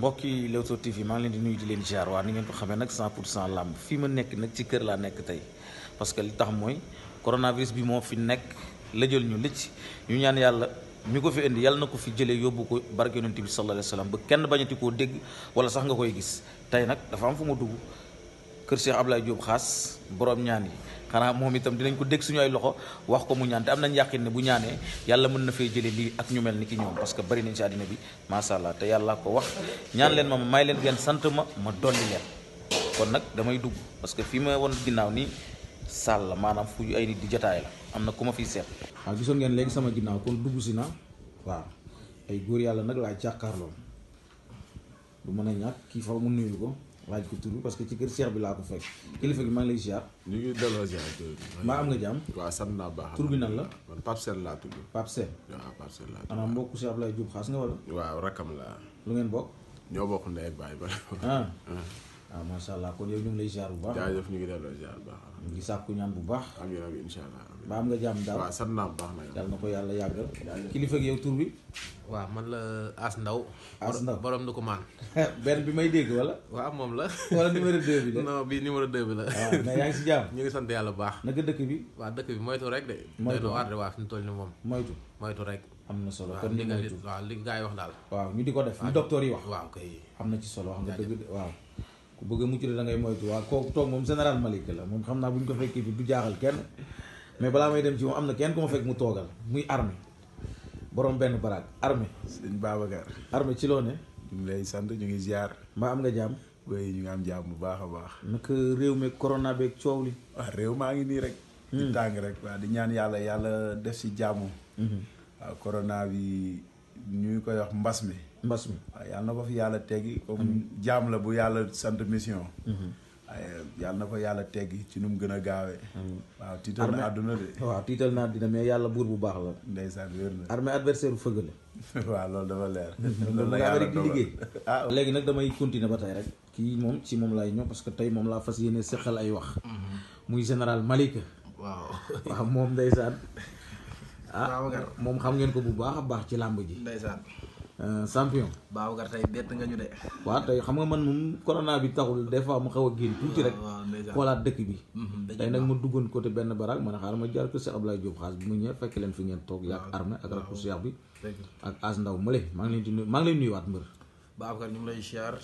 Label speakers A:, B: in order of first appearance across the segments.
A: mbokk yi Leewtoo TV maa ngi leen di nuyu di leen ziar waa ni ngeen ko xamee nag 100 pour cent làmb fii ma nekk nag ci kër laa nekk tey parce que li tax mooy coronavirus bi moo fi nekk lëjal ñu lëcc ñu ñaan yàlla ñu ko fi indi yàlla na ko fi jëlee yóbbu ko barke yonent bi sallallahu alayhi wasallam ba kenn bañati koo dégg wala sax nga koy gis tey nag dafa am fu ma dugg kër ab Ablaye jóob xaas boroom ñaan yi xanaa moom itam dinañ ko dégg suñu ay loxo wax ko mu ñaan te am nañ yàqin ne bu ñaanee yàlla mën na fee jëlee lii ak ñu mel ni ki ñoom parce que bari nañ ci àddina bi macha allah te yàlla ko wax ñaan leen ma ma may leen ngeen sant ma ma dolli leen kon nag damay dugg parce que fii ma won ginnaaw ni saal la maanaam fu ay nit di jotaay la am na ku ma fiy seet. waaw gisoon ngeen léegi sama ginnaaw kon dugg si na waaw ay góor yàlla nag laa jàkkaarloo du mën a kii fa mu nuyu ko. laaj ko tur parce que ci kër Cheikh bi laa ko fekk kilifa gi maa ngi lay ziar. ñu ngi delloo ziar. maa am nga jàmm. waaw sam naa baax tur bi nan la. man laa tudd. Pape Sène. waaw Pape Sène laa tudd. maanaam mbokku Cheikh Abdoulaye Diop xaas waaw rakkam la lu ngeen bokk. ñoo bokk ndey ak baay ba. ah ah macha allah kon yow ñu ngi lay ziar bu baax. jaajëf ñu ngi i ziar bu baax. ñu sàkku ñaan bu baax. amiin amiin incha allah. maa am nga jàmm daal waaw sant naa bu baax na yàlla na ko yàlla yàggal. kilifa ak yow tur bi. waaw man la As Ndaw. As Ndaw borom du ko maan. benn bi may dégg wala. waaw moom la.
B: wala numéro 2 bi la. non bi numéro 2 bi la. waaw mais yaa ngi si jàmm.
A: ñu bu baax. naka dëkk bi.
B: waaw dëkk bi moytu rek de. moytu waaw de
A: waaw fi mu toll rek. am na solo kon ni moytu
B: waaw li gars yi wax daal. waaw ñu di ko def ñu docteur yi wax. waaw kay
A: am na ci solo wax nga dëgg waaw. ku bëgg a mucc da ngay moytu waaw kooku toog moom général Malick la moom xam naa bu ñu ko fekkee fi du jaaxal kenn mais balaa may dem ci moom am na kenn ku ma fekk mu toogal muy armée borom benn baraag armée sëñ Babacar armée ci loo ne ñu ngi sant ñu ngi ziar mbaa am nga jàmm ñu am jàmm bu baax a baax naka réew mi corona beeg coow li waaw réew maa ngi nii rek di hmm. rek waaw di ñaan yàlla yàlla def si jàmm hmm. waaw corona bi ngi koy wax mbas mi mbas mi waaw yàlla na ko fi yàlla teggi comme hmm. jàmm la bu yàlla sant mission yàlla na ko yàlla teggi ci nu mu gën a gaawee. waaw tiital na àdduna de. waaw tiital na àdduna mais yàlla buur bu baax la. ndeysaan wér na armée adversaire bu la. waaw loolu dafa leer. loolu la liggéey. Ah. léegi nag damay continuer ba tey rek. kii moom ci moom laay ñëw parce que tey moom laa fas yéene seqal ay wax. Mm-hmm. muy général Malika. waaw waaw moom ndeysaan. ah moom xam ngeen ko bu baax a baax ci làmb ji. ndeysaan. Euh, champion.
B: Babacar tey bett nga ñu de.
A: waaw tey xam nga man mu corona bi taxul des fois mu xaw a génn tuuti rek. xoolaat dëkk bi. Mhm, tey nag ma duggoon côté benn baraag ma ne xaaral ma jaar ko Cheikh Abdoulaye Diop xaas bi mu ñëwee fekk leen fi ngeen toog. waaw ak armée ak rakku Cheikh bi. ak as ndaw Mbale maa ngi leen di nuyu maa ngi leen nuyuwaat mbër.
B: Babacar ñu ngi lay siyaar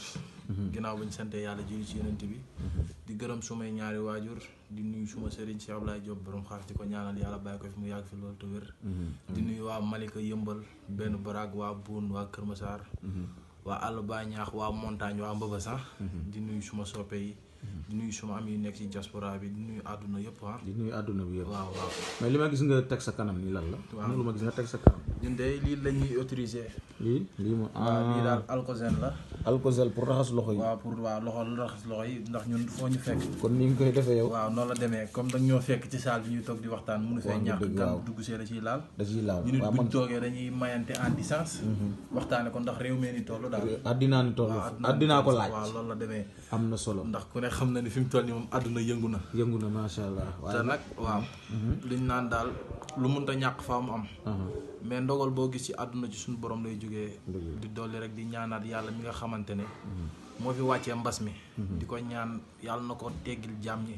B: mhm. ginnaaw bañ sante yàlla jëli ci yonent bi di gërëm sumay ñaari waajur di nuyu suma sëriñ Cheikh Abdoulaye Diop borom xaar ci ko ñaanal yàlla bàyyi ko fi mu yàgg fi loolu te mhm. di nuyu waa Malika yëmbal benn baraag waa Boun waa Kër Massar mhm. waa àll ba waa montagne waa mbëba sax di nuyu suma soppe yi di nuyu suma am yu nekk ci diaspora bi di nuyu àdduna yëpp ah di nuyu àdduna bi yëpp waaw waaw
A: mais li ma gis nga teg sa kanam ni lan la waaw lu
B: teg sa ñun de lii la ñuy autorisé.
A: lii lii moom ah lii daal alcosène la.
B: alcosel pour raxas loxo yi. waaw pour waaw loxo raxas loxo yi ndax ñun foo ñu fekk. kon ni nga koy defee yow. noonu la demee comme dag ñoo fekk ci salle bi ñuy toog di waxtaan. mënu fee ñàkk dugg see da ciy laal. da dañuy mayante en distance. Mhm. waxtaane ko ndax réew mee ni toll daal. addinaa ni toll addinaa ko laaj. waaw loolu la demee. am na solo ndax ku xam na ni fi mu toll nii moom àdduna yëngu na. yëngu na macha allah. te nag waaw. Mhm. liñ naan daal lu mënta ñàkk faa mu am. mais ndogal boo gis ci àdduna si suñu borom lay jógee. di dolli rek di ñaanaat yàlla mi nga xamante xamante moo fi wàccee mbas mi di ko ñaan yal na ko teggil jaam ñi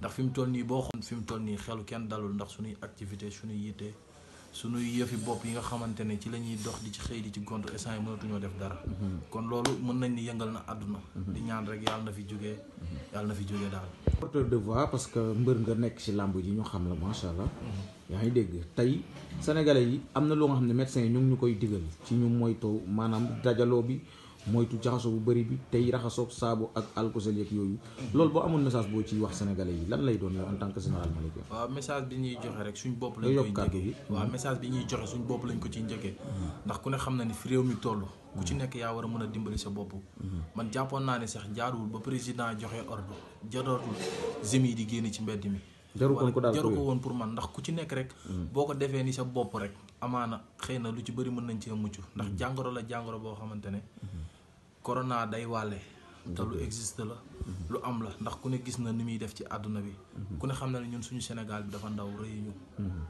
B: ndax fi mu toll nii boo xool fi mu toll nii xelu kenn dalul ndax suñuy activité suñuy yitte suñuy yëfi bopp yi nga xamante ne ci lañuy ñuy dox di ci xëy di ci gont essant yi mënatuñoo def dara kon loolu mën nañ ni yëngal na àdduna di ñaan rek yàlla na fi jógee yàlla na fi jógee daal
A: porteur de voix parce que mbër nga nekk ci làmb yi ñu xam la macha allah yaa ngi dégg tey sénégalais yi am na loo nga xam ne médecins yi ñu ngi ñu koy digal ci ñu moytu maanaam dajaloo bi moytu jaxasoo bu bari bi tey raxasoog saabu ak alkosel yeeg yooyu loolu boo amoon message boo ci wax sénégalais yi lan lay doon yow en tant que général Malick
B: waaw message bi ñuy joxe rek suñ bopp lañ koy njëkkee waaw message bi ñuy joxe suñ bopp lañ ko ciy njëkkee mm-hmm. ndax ku ne xam na ni fi mi toll ku ci mm-hmm. nekk yaa war a mën a dimbali sa bopp mm-hmm. man jàppoon naa ne sax jaarul ba président joxe ordre jarootul jeunes yi di génn ci mbedd mi jaru ko woon pour man ndax ku ci nekk rek boo ko defee ni sa bopp rek amaana xëy na lu ci bëri mën nañ cee mucc ndax jàngoro la jàngoro boo xamante ne corona day wàlle te lu mhm. existe la lu am la ndax ku ne gis na ni muy def ci àdduna bi mhm. ku ne xam na ne ñun suñu Sénégal bi dafa ndaw rëyuñu mhm.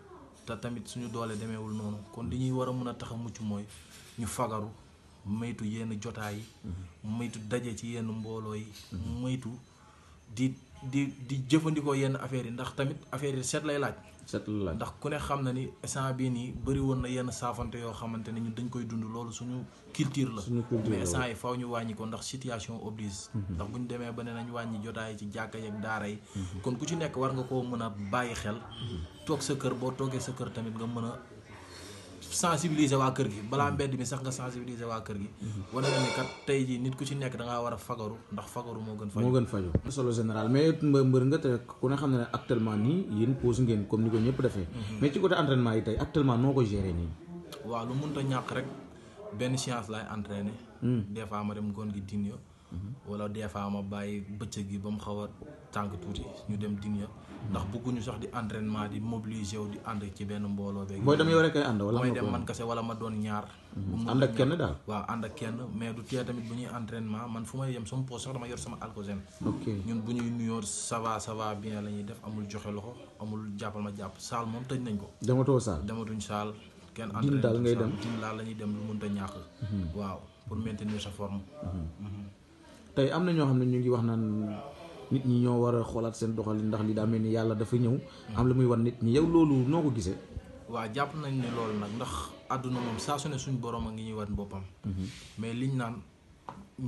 B: te tamit suñu doole demeewul noonu kon li ñuy war a mën a tax mucc mooy ñu fagaru maytu yenn jotaay yi moytu daje ci yenn mbooloo yi moytu di di di jëfandikoo yenn affaires yi ndax tamit affaire yi set lay laaj. set lay laaj ndax ku ne xam na ni instant bii nii bëri na yenn saafante yoo xamante ne ñun dañ koy dund loolu suñu culture la. suñu culture mais instant yi faw ñu wàññi ko ndax situation oblige. Mhm. ndax bu ñu demee ba ne nañ wàññi jotaay ci jàkka yeeg daara yi. Mhm. kon ku ci nekk war nga koo mën a bàyyi xel. Mhm. toog sa kër boo toogee sa kër tamit nga mën sensibiliser waa kër gi mm-hmm. balaa mbedd mi sax nga sensibiliser waa kër gi mm-hmm. wane na ni kat tey jii nit ku ci nekk da ngaa war a fagaru ndax fagaru moo gën faju moo gën
A: faju solo général mais mbër nga te ku ne xam ne ne actuellement nii yéen pause ngeen comme ni ko ñëpp defee mm-hmm. mais ci côté entraînement yi tey actuellement noo ko gérer nii
B: waaw lu mënta ñàkk rek benn séance laay entraîné mm. des fois ma dem ngoon gi din yo wala des fois ma bàyyi bëccëg gi ba mu xaw a tànk tuuti ñu dem din ndax bëgguñu sax di entraînement di mobiliser wu di ànd ci benn mbooloo beeg. booy dem yow rek ay ànd wala mooy dem man kese ma doon ñaar. Mhm. ànd ak kenn daal waaw ànd ak kenn mais du tee tamit bu ñuy entraînement man fu may yem sama poche sax dama yor sama alcosène. ok bu ñuy nuyoo ça va ça bien la ñuy def amul joxe loxo amul jàppal ma jàpp saal moom tëj nañ ko. dematoo saal dematuñ saal. kenn entraîné daal ngay dem din daal la ñuy dem lu mënta ñàkk. Mhm. waaw pour maintenir sa forme. Mhm.
A: nit ñi ñoo war a xoolaat seen doxalin ndax li daa ni yàlla dafa ñëw am la muy wan nit ñi noo
B: ko jàpp nañ ne loolu nag ndax àdduna moom saa su ne a ngi ñuy wan boppam mhm. mais liñ naan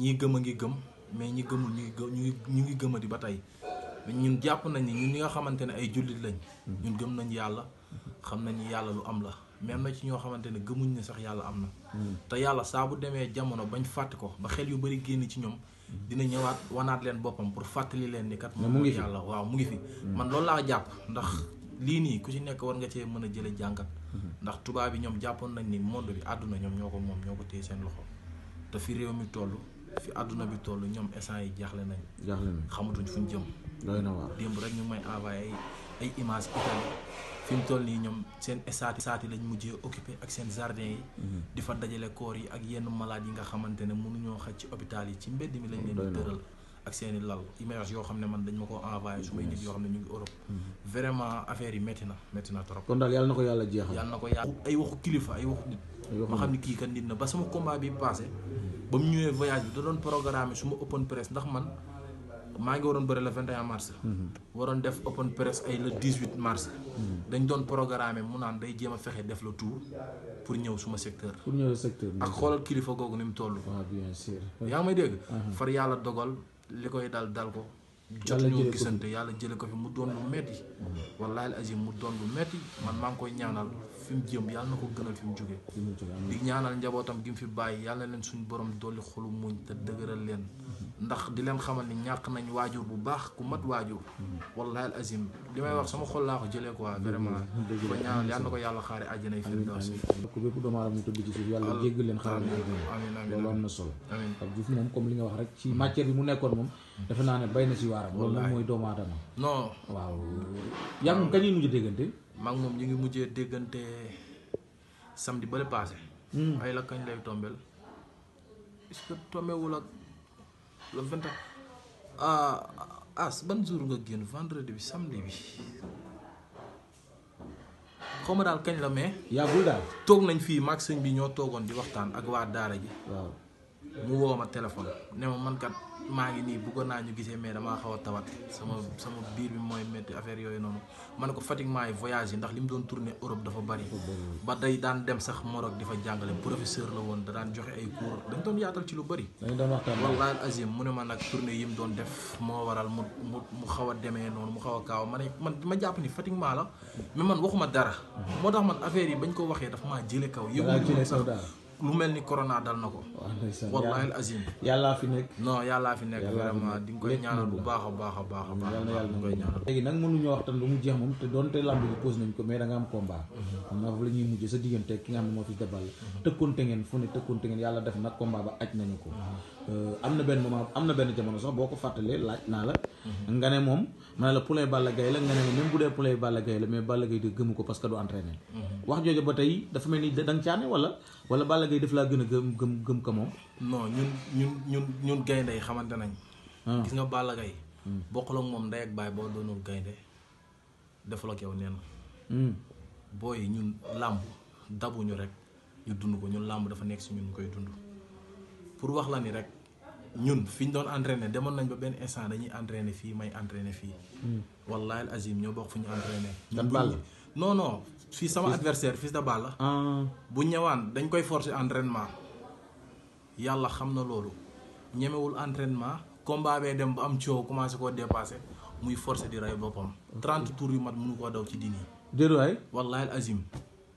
B: ñii gëm a ngi gëm mais ñi gëmul ñu ñu ngi gëmadi ba tey ñun jàpp nañ ni ñun nga xamante ne ay jullit lañ mhm. gëm nañ yàlla xam nañu yàlla lu am la même na ci ñoo xamante ne gëmuñ ne sax yàlla am na mhm. te yàlla saa bu demee jamono bañ fàtte ko ba xel yu bari génn ci ñoom dina ñëwaat wanaat leen boppam pour fàttali leen ni kat mu ngi yàlla waaw mu ngi fi mm. man loolu laa jàpp ndax lii nii ku ci nekk war nga cee mën a jële jàngat mm-hmm. ndax tubaab yi ñoom jàppoon nañ ni monde bi àdduna ñoom ñoo ko moom ñoo ko téye seen loxo te fi réew mi toll fi àdduna bi toll ñoom essant yi jaaxle nañ
A: jaaxle nañ xamatuñ fu ñu jëm
B: démb rek ñu may envoyé ay images Italie fi mu toll nii ñoom seen esaati saati lañ mujjee occupé ak seen jardin yi. Mhm. di fa dajale koor yi ak yenn malade yi nga xamante ne mënuñoo xaj ci hôpital yi ci mbedd mi lañ leen di mm, tëral. ak seen lal image yoo xam ne man dañ ma ko envoyé su may nit yoo xam ne ñu ngi Europe. Mm-hmm. vraiment affaire yi métti na métti na trop. kon
A: daal yàlla na ko yàlla jeexal. yàlla
B: na ko yàlla ay waxu kilifa ay waxu nit. ma xam ne kii kat nit na ba sama combat bi passé. Mm-hmm. ba mu ñëwee voyage bi da maa ngi waroon bëri le 21 mars. waroon def open press ay le 18 mars. dañ doon programme mu naan day jéem a fexe def le tour pour ñëw suma secteur.
A: pour ñëw secteur ak
B: xoolal kilifa googu ni mu toll. waaw ah, bien sûr. yaa may dégg. Ah, ah. far yàlla dogal li koy dal dal ko. yàlla jëlee ko jot ñoo gisante yàlla jëlee ko fi mu doon lu metti. Mm-hmm. wallaahi azim mu doon lu metti man maa ngi koy ñaanal fi mu jëm yàlla na ko gënal fi mu jógee. di ñaanal njabootam gi mu fi bàyyi yàlla leen suñu borom dolli xolu muñ te dëgëral leen. Mm-hmm. ndax di leen xamal ni ñàkk nañ waajur bu baax ku mat waajur wallahi al azim li may wax sama xol laa ko jëlee quoi vraiment ko ñaanal yal na ko yàlla xaare àjjana firdaws
A: ko bépp doomu aadama mu tëdd ci suuf yàlla jéggal loolu am na solo Pape Diouf moom comme li rek ci matière bi mu nekkoon moom defe naa ne na si waaram loolu moom mooy doomu aadama
B: non waaw yaa ngi moom kañ mujj déggante maa moom ñu ngi mujjee déggante samedi bale passé hmm. ay la kañ lay tombel est que tombewul ak le vingt ah, as ban jour nga génn vendredi bi samedi bi xaw ma daal kañ la mais. yàggul daal toog nañ fii mag bi ñoo toogoon di waxtaan ak waa daara ji. waaw mu woo ma téléphone ne ma man kat. maa ngi nii bëggoon naa ñu gisee mais damaa xaw a tawat sama sama biir bi mooy métti affaire yooyu noonu ma ne ko Fatick maay voyage yi ndax li doon tourné Europe dafa bari ba day daan dem sax Maroc di fa jàngale professeur la woon da daan joxe ay cours dañ doon yaatal ci lu bëri wallaahi azim mu ne ma nag tournée yi doon def moo waral mu mu mu xaw a demee noonu mu xaw a kaaw ma ne man ma jàpp ni Fatick maa la mais man waxuma dara moo tax man affaire yi bañ ko waxee dafa maa jële kaw yëgul sax lu mel ni corona dal na ko. wallahi azim. yàllaa fi nekk. no yàllaa fi nekk vraiment di koy ñaanal bu baax a baax a baax a baax. yàlla a koy ñaanal.
A: léegi nag mënuñoo wax tam lu mu jeex moom te doonte lamb bi pose nañ ko mais da nga am combat. Mhm. xam naa foofu la ñuy mujj sa diggante ki nga xam ne moo fi dabal mhm. tëkkonte ngeen fu ne tëkkonte ngeen yàlla def nag combat ba aj nañu ko. Mhm. Euh, na benn moment am na benn jamono sax boo ko fàttalee laaj naa la. nga ne moom. ma ne la poulain Balla Gaye la nga ne même bu dee poulain Balla Gaye la mais Balla Gaye di gëmu ko parce du entraîné mhm. wax jooju ba tey dafa mel ni da nga caane wala wala Balla Gaye daf laa gën a gëm gëm gëm ko moom
B: non ñun ñun ñun ñun gaynde yi xamante nañ ah. gis nga Balla gay hmm. bokkul ak moom ndey ak baay boo doonul gaynde defal ak yow neen hmm. booy ñun làmb ñu rek ñu dund ko ñun làmb dafa nekk si ñun koy dund pour wax la ni rek ñun fi ñu doon entraîné demoon nañ ba benn instant dañuy entraîné fii may entraîné fii. Hmm. wallahi al azim ñoo bokk fu ñu entraîné. ñun Balla non non. fii sama adversaire fils de Balla. Ah. bu ñëwaan dañ koy forcer entraînement yàlla xam na loolu ñemewul entraînement combat bee dem ba am coow commencé koo dépassé muy forcer di rey boppam. 30 tours yu mat mënu koo daw ci dini. déedéet waay wallahi al azim.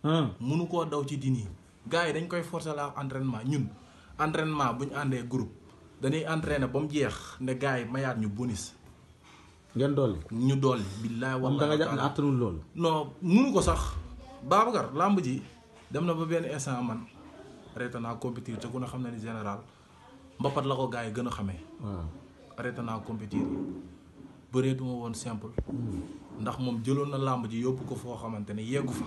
B: Ah. mënu daw ci dini. gars yi dañ koy forcer la entraînement ñun entraînement bu àndee groupe. dañuy entraîné ba mu jeex ne gars yi mayaat ñu bonus. ngeen dolli. ñu dolli. billaay wallaahi da nga jàpp ne loolu. non munu ko sax Babacar làmb ji dem na ba benn instant man arrêté naa compétir te ku ne xam na ni général mbapat la ko gars yi gën a xamee. waaw arrêté naa compétir bëreetuma woon simple. Hmm. ndax moom jëloon na làmb ji yóbbu ko foo xamante ne yeggu fa.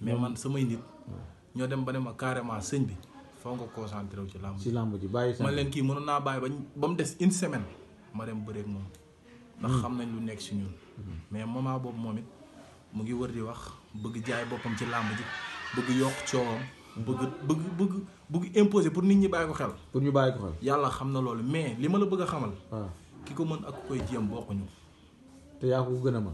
B: mais hmm. man samay nit. Hmm. ñoo dem ba ne ma carrément sëñ bi. foo nga concentré wu ci làmb ci làmb ji bàyyi man leen kii mënoon naa bàyyi bañ ba mu des une semaine ma dem bëreeg moom ndax xam nañ lu nekk si ñun mais moment boobu moom it mu ngi wër di wax bëgg jaay boppam ci làmb ji bëgg yokk coowam bëgg bëgg bëgg bëgg pour nit ñi bàyyi ko xel pour ñu bàyyi ko xel yàlla xam na loolu mais li ma la bëgg a xamal ah. ki ko mën ak ku koy jéem bokkuñu te yaa ko gën a ma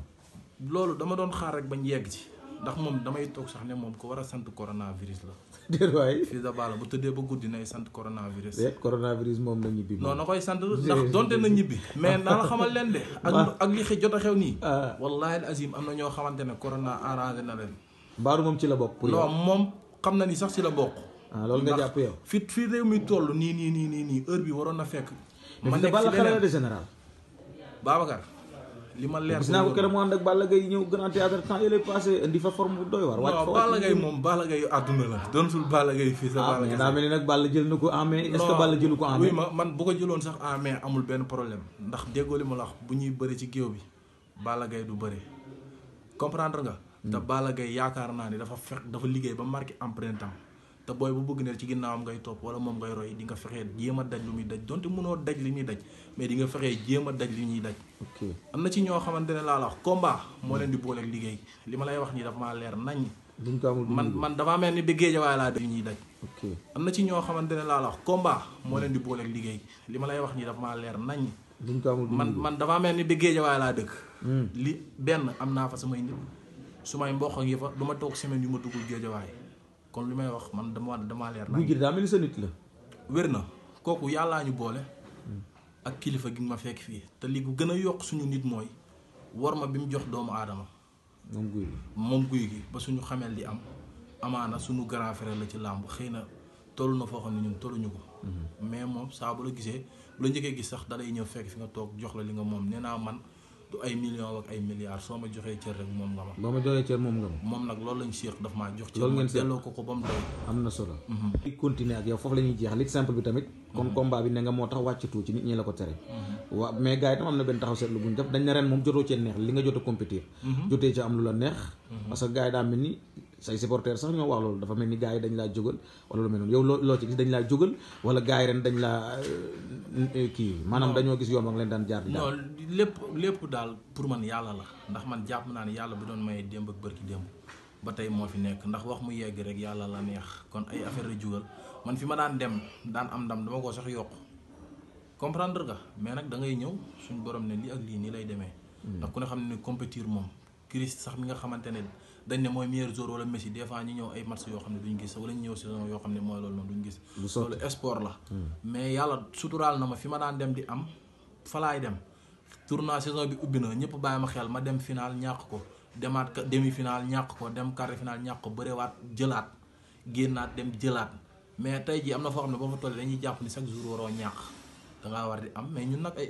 B: loolu dama doon xaar rek bañ yegg ci ndax moom damay toog sax ne moom ko war a sant coronavirus la déet waay fii da baala bu tëddee ba guddi nay sant coronavirus. déet
A: coronavirus moom na ñibbi. non na koy sant ndax donte na ñibbi. mais na la xamal leen de. ak
B: ak li xëy jot a xew nii. Ah. wallaahi azim am na ñoo xamante ne corona arrangé na leen. baar moom ci la bokk. pour yow moom xam na ni sax ci la bokk. Ah, loolu nga jàpp yow fi fi réew mi toll nii nii nii nii nii heure bi waroon na fekk.
A: ma nekk ci
B: leneen Babacar li ma leer gis naa ko keroog mu ànd ak ñëw Grand Théâtre temps yële passé
A: indi fa forme bu doy waar. wàcc fa Balla Gaye moom
B: Balla Gaye àdduna la doonul Balla Gaye fii sa ah, Balla Gaye daa mel ni nag Balla ko en ma man bu ko jëloon sax en amul benn problème ndax déggoo li ma la bu ñuy bëri ci géew bi Balla Gaye du bëri comprendre nga hmm. te Balla Gaye yaakaar naa ni dafa fekk dafa liggéey ba marqué empreinte am te booy bu bëgg ne ci am ngay topp wala moom ngay roy di nga fexee jéem a daj lu muy daj donte mënoo daj li muy daj mais di nga fexee jéem a daj li ñuy daj am na ci ñoo xamante ne laa la wax combat moo leen di booleeg liggéey li ma lay wax nii dafa maa leer nañ man man damaa mel ni bi géejawaay ñuy daj am na ci ñoo xamante ne laa la wax hmm. leen di booleeg liggéey li ma lay wax nii dafa maa leer nañ man man damaa mel ni bi géejawaay laa dëkk hmm. li benn am naa fa samay nit su may mboq yi fa du ma toog semaine yu ma duggul géejawaay kon li may wax man dama dama leer. Gouye Gui daa mel ni sa nit la. wér na kooku yàllaa ñu boole. ak kilifa gi ma fekk fii te li gu gën a yokk suñu nit mooy war ma bi mu jox doomu aadama. moom Gouye Gui moom Gouye Gui ba suñu xamel di am amaana suñu grand frère la ci làmb xëy na toll na foo xam ne tolluñu ko. Mhm. mais moom saa bu la gisee bu la njëkkee gis sax dalay ñëw fekk fi nga toog jox la li nga moom nee naa man. du ay millions ak ay milliards soo ma joxee cër rek moom nga ma. boo ma
A: joxee cër moom nga ma. moom
B: nag loolu lañ séq daf maa jox. loolu ngeen séq ko ko ba mu
A: am na solo. Mhm. di mhm. nit ñi la ko tere. Mhm. mais gars yi tam am na benn taxaw seetlu bu ñu dañ ne ren moom jotoo cee neex li nga jot a compétir. jotee ci am lu la neex. parce que gars yi daa mel say supporters sax ñoo wax loolu dafa mel ni gaa yi dañ laa jógal wala lu mel noonu yow loo loo ci gis dañ laa jógal wala gars yi ren dañ laa euh, kii maanaam dañoo gis yoon ak leen daan jaar di non
B: lépp lépp daal pour man yàlla la ndax man jàpp naa ne yàlla bi doon mayee démb ak bërki démb ba tey moo fi nekk ndax wax mu yegg rek yàlla la neex kon ay affaire la jugal man fi ma daan dem daan am ndam dama ko sax yokk comprendre nga mais nag da ngay ñëw suñu borom ne lii ak lii nii lay demee hmm. ndax ku ne xam ne compétir moom Christ sax mi nga xamante ne dañ ne mooy meilleur joueur wala Messi des ñu ñëw ay match yoo xam ne duñ gis wala ñëw saison yoo xam ne mooy loolu noonu duñ gis. loolu sport la. Hmm. mais yàlla suturaal na ma fi ma daan dem di am fa laay dem tournoi saison bi ubbi na ñëpp bàyyi ma xel ma dem final ñàkk ko demaat demi final ñàkk ko dem quart final ñàkk ko bërewaat jëlaat génnaat dem jëlaat mais tey jii am na foo xam ne boo fa tollee dañuy jàpp ni chaque jour waroo ñàkk da ngaa war di am mais ñun nag ay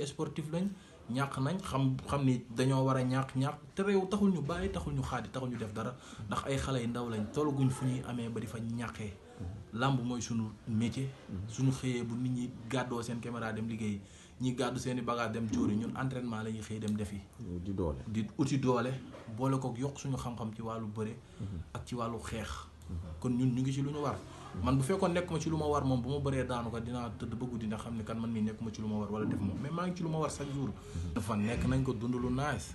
B: ñàq nañ xam xam ni dañoo war a ñàq ñàq te réew taxul ñu bàyyi taxul ñu xaadi taxul ñu def dara ndax ay xale yu ndaw lañ tolluguñ fu ñuy amee ba di fa ñàqee làmb mooy suñu métier suñu xëyee bu nit ñi gàddoo seen caméra dem liggéey ñi gàddu seeni i dem dem jóori ñun entrainement la ñuy xëy dem defi di doole di uti doole boole kook yokk suñu xam-xam ci wàllu bëre mhm. ak ci wàllu xeex kon ñun ñu ngi si lu ñu war man bu fekkoon nekkuma ci lu ma war moom bu ma bëree daanu ko dinaa tëdd ba guddi ndax xam ne kan man mii nekkuma ci lu ma war wala def moom mais maa ngi ci lu ma war chaque jour. dafa nekk nañ ko dund lu nice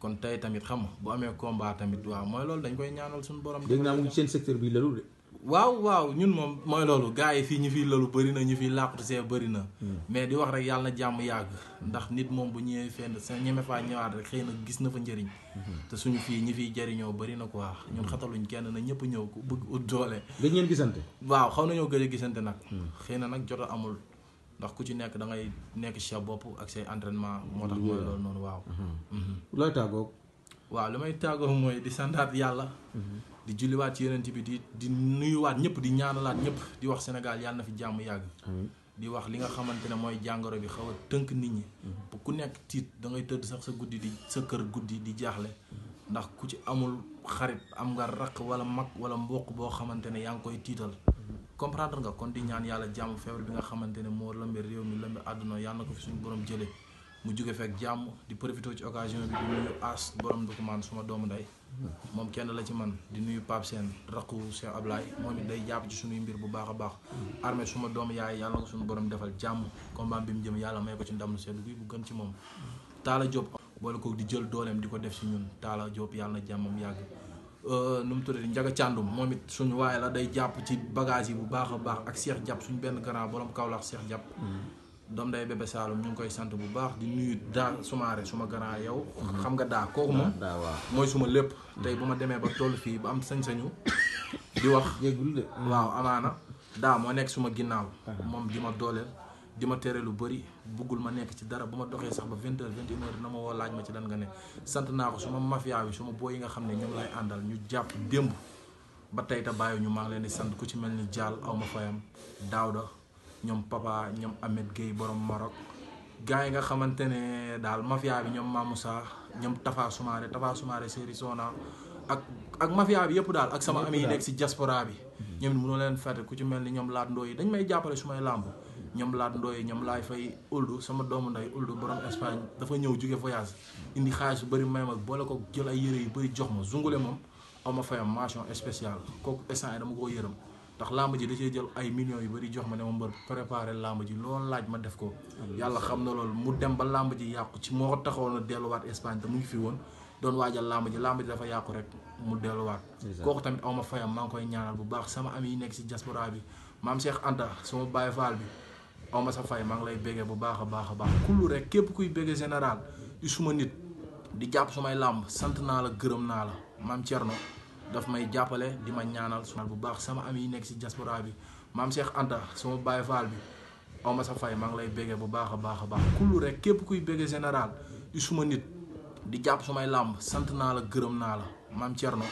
B: kon tey tamit xam nga bu amee combat tamit waa mooy loolu dañ koy ñaanal suñu borom. dégg naa
A: mu ngi seen secteur bi lu de.
B: waaw waaw ñun moom mooy loolu gars yi fii ñu fiy loolu bëri na ñu fiy làqatu see bëri na. mais di wax rek yàlla na jàmm yàgg. ndax nit moom bu ñëwee fenn sa ñeme faa ñëwaat rek xëy na gis na fa njariñ te suñu fii ñi fiy jariñoo bëri na quoi ñun xataluñ kenn na ñëpp ñëw ku bëgg ut doole.
A: gëj ngeen gisante.
B: waaw xaw nañoo gëj a gisante nag. xëy na nag jot amul ndax ku ci nekk da ngay nekk sa bopp ak say entraînement. moo tax mooy loolu noonu waaw. waaw li may tàggoo mooy di santaat yàlla. Mhm. di julliwaat ci yeneen bi di di nuyuwaat ñëpp di ñaanalaat ñëpp di wax Sénégal yàlla na fi jàmm yàgg. di wax li nga xamante ne mooy jàngoro bi xaw a tënk nit ñi. Mhm. bu ku nekk tiit da ngay tëdd sax sa guddi di sa kër guddi di jaaxle. ndax ku ci amul xarit am nga raq wala mag wala mboq boo xamante ne yaa ngi koy tiital. Mhm. comprendre nga kon di ñaan yàlla jàmm feebar bi nga xamante ne moo lëmbe réew mi lëmbe àdduna na ko fi suñu borom jëlee. mu juge fekk jàmm di profité ci occasion bi di nuyu As borom document suma doomu ndey moom kenn la ci man di nuyu Pape Sène rakku Cheikh Ablaye moom day jàpp ci suñuy mbir bu baax a baax armée suma doomu yaay yàlla nga suñu borom defal jàmm combat bi mu jëm yàlla may ko ci ndam lu sedd bi bu gën ci moom Talla Diop boole ko di jël dooleem di ko def si ñun Talla Diop yàlla na jàmmam yàgg euh, nu mu tuddati Njaga Càndum moom it suñu waaye la day jàpp ci bagage yi bu baax a baax ak Cheikh jàpp suñu benn grand borom Kaolack Cheikh jàpp doom day bébé Saloum ñu ngi koy sant bu baax di nuyu daa sumaare suma grand yow. xam nga daa kooku mooy suma lépp. tey bu ma demee ba toll fii ba am sañ-sañu di wax. yëgul de waaw amaana daa moo nekk suma ginnaaw. Ah. moom di ma dooleel di ma tere lu bari buggul ma nekk ci dara bu ma doxee sax ba vingt heures vingt na ma woo laaj ma ci lan nga ne. sant naa ko suma mafia bi suma booy yi nga xam ne ñoom lay àndal ñu jàpp démb ba tey te bàyyi ñu maa ngi leen di sant ku ci mel ni Diall ma fayam Daouda. ñoom papa ñoom Ahmed Gueye borom Maroc gars yi nga xamante ne daal mafia bi ñoom Mamoussa ñoom Tafa Soumaré Tafa Soumaré Seri Sona ak ak mafia bi yëpp daal ak sama ami yi nekk si diaspora bi ñoom mënoo leen fàtte ku ci mel ni ñoom laat ndoo yi dañ may jàppale su may làmb ñoom laat ndoo yi ñoom laay fay uldu sama doomu nday uldu borom Espagne dafa ñëw jóge voyage indi xaalis bu bëri may ma boole ko jël ay yëre yu bëri jox ma zungule moom aw ma fayam mention spéciale kooku instant yi dama koo yërëm ndax làmb ji dasee jël ay millions yu bëri jox ma ne ma mbër préparé làmb ji loolu laaj ma def ko yàlla xam na loolu mu dem ba làmb ji yàqu ci moo taxawoon delluwaat Espagne te mu ngi fi woon doon waajal làmb ji làmb ji dafa yàqu rek mu delluwaat kooku tamit aw ma fayam maa ngi koy ñaanal bu baax sama am yi nekk si diaspora bi maam Cheikh Anta sama Baye Fall bi aw ma sa fay maa ngi lay béggee bu baax a baax a baax kullu rek képp kuy béggee général di suma nit di jàpp sumay làmb sant naa la gërëm naa la maam daf may jàppale di ma ñaanal suma bu baax sama am yi nekk si diaspora bi maam Cheikh Anta sama Baye bi aw ma sa fay maa ngi lay béggee bu baax a baax a baax kullu rek képp kuy béggee général di suma nit di jàpp sumay làmb sant naa la gërëm naa la maam Thierno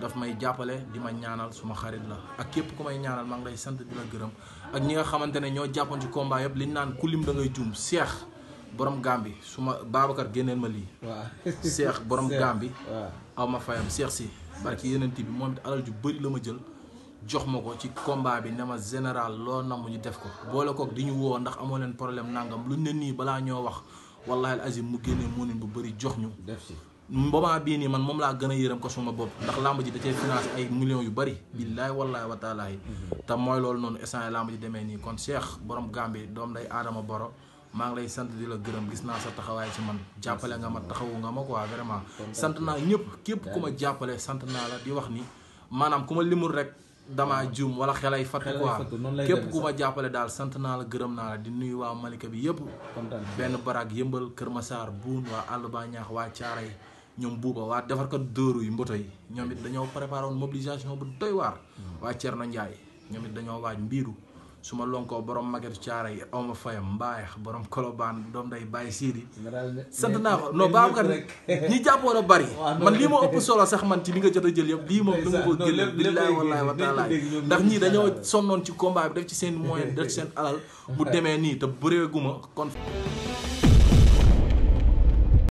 B: daf may jàppale di ma ñaanal suma xarit la ak képp ku may ñaanal maa ngi lay sant di la gërëm ak ñi nga xamante ne ñoo jàppoon ci combat yëpp liñ naan ku lim da ngay juum Cheikh borom gambi su ma Babacar génneel ma lii. waaw seex borom gambi aw ma fayam seex si barki yeneen bi moom it alal ju bëri la ma jël jox ma ko ci combat bi ne ma général loo namm ñu def ko. boole kook di ñu woo ndax amoo leen problème nangam luñ ne nii balaa ñoo wax wallahi al azim mu génnee moonin bu bëri jox ñu. def si moment bii nii man moom laa gën a yërëm ko suma bopp ndax làmb ji da cee financé ay millions yu bëri. Mm-hmm. billaay wallaay wa taalaay. Mm-hmm. te mooy loolu noonu instant làmb ji demee nii kon seex borom gambi doom day Adama Boro. maa ngi lay sant di la gërëm gis naa sa taxawaay ci man jàppale nga ma taxawu nga ma quoi vraiment sant naa ñëpp képp ku ma jàppale sant naa la di wax ni maanaam ku ma limul rek damaa juum wala xelay fàtte quoi képp ku ma jàppale daal sant naa la gërëm naa la di nuyu waa Malika bi yëpp benn baraag yëmbal Kër ma saar buun waa àll ba ñaax waa caaray ñoom buuba waa defar ko dóoru yi mboto yi ñoom it dañoo préparé woon mobilisation bu doy waar hmm. waa Thierno Ndiaye ñoom it dañoo waaj mbiiru suma lonkoo borom magetu caara yi oma fayam mbaayax borom kolobaan doom day bàyyi siidi sant naa ko non Babacar ñi jàppoon a bari man lii moo ëpp solo sax man ci li nga jot a jël yëpp lii moom du ma ko génn billaahi wallaahi wa taala ndax ñii dañoo sonnoon ci combat bi def ci seen moyen def ci seen alal bu demee nii te bëreeguma kon